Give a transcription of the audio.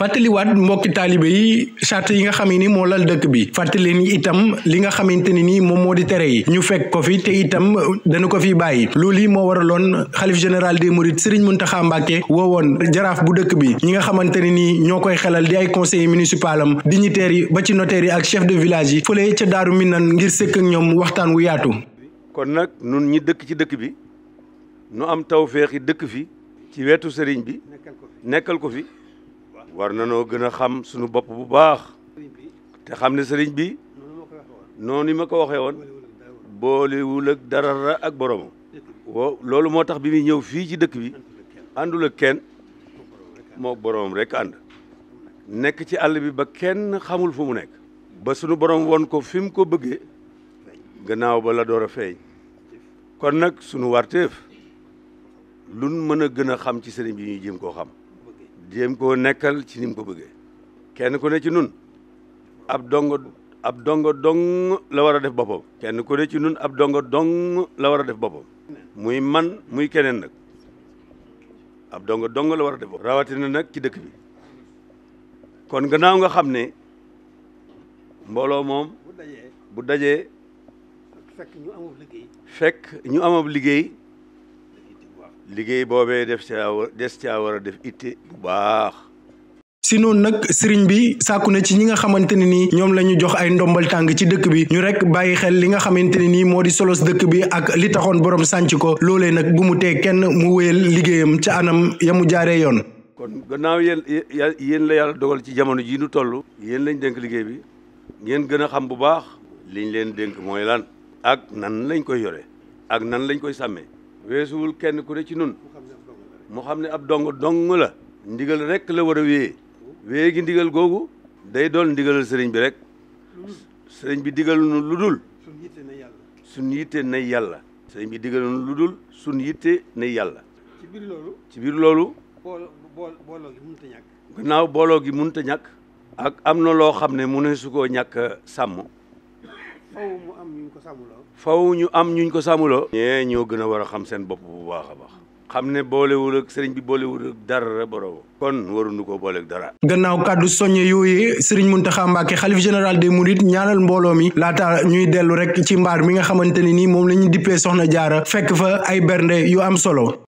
fàttaliwaat mbokki taalibe yi charte yi nga xam ni moo lal dëkk bi fàttali ni itam li nga xamante ne ni moom moo di tere yi ñu fekk ko fi te itam dana ko fi bàyyi loolu yi moo waraloon xalif général des mourides Serigne Mountakha Mbacké woowoon jaraaf bu dëkk bi ñi nga xamante ne ni ñoo koy xelal di ay conseiller municipal am dignitaires yi ba ci notaire yi ak chef de village yi fële ca Daaru Minaan ngir sëkk ak ñoom waxtaan wu yaatu. kon nag nun ñi dëkk ci dëkk bi nu am taw tawféexi dëkk fi ci wetu sëriñ bi nekkal ko fi. war nanoo gën a xam suñu bopp bu baax te xam ne sëriñ bi noonu ma ko waxee woon boolewul ak dara ak boromam loolu moo tax bi muy ñëw fii ci dëkk bi àndul ak kenn moo boromam rekk ànd nekk ci àll bi ba kenn xamul fu mu nekk ba sunu borom won ko fi mu ko bëggee gannaaw ba la door a feeñ kon nag sunu warteef lun mën a gën a xam ci sëriñ bi ñuy jéem koo xam jéem ko nekkal ci ni ko bëggee kenn ku ne ci nun ab dongo ab dongo dong la war a def boppam kenn ku ne ci nun ab dongo dong la war a def boppam muy man muy keneen nag ab dongo dongo la war a def boppam rawatina nag ci dëkk bi kon gannaaw nga xam ne mbooloo moom bu dajee fekk ñu amab liggéey liggéey boobee def caa war des caa war a def itte bu baax. si noonu nag sëriñ bi sàkku na ci ñi nga xamante ne nii ñoom la ñu jox ay ndombal tàng ci dëkk bi ñu rekk bàyyi xel li nga xamante ne nii moo di solos dëkk bi ak li taxoon borom sànc ko loolee nag bu mu tee kenn mu wéyal liggéeyam ca anam ya mu jaaree yoon. kon gannaaw yéen yéen la yàlla dogal ci jamono jii nu toll. yéen lañ dénk liggéey bi ngeen gën a xam bu baax. liñ leen dénk mooy lan. ak nan lañ koy yore. ak nan lañ koy sàmmee. weesuwul kenn ku ne ci nun mu xam ne ab dong dong la ndigal rek la war a wéyee wéye gi ndigal googu day doon ndigalal sëriñ bi rek sëriñ bi digal nu lu dul suñ yitte nay yàlla sëriñ bi digal nu lu dul suñ yitte nay yàlla ci biir loolu ci biir loolu booloo gannaaw booloo gi mënut ñàkk ak am na loo xam ne mu ne su ñàkk sàmm faw mu faw ñu am ñuñ ko sàmmuloo. ñee ñoo gën a war a xam seen bopp bu baax a baax. xam ne boolewul ak sëriñ bi boolewul ak dara borom kon waruñu ko booleeg dara. gannaaw kàddu soññe yooyu sëriñ Mountakha Mbacké xalif général des Mourides ñaanal mbooloo mi laata ñuy dellu rek ci mbaar mi nga xamante ne ni moom la ñu dippee soxna jaara fekk fa ay bernde yu am solo.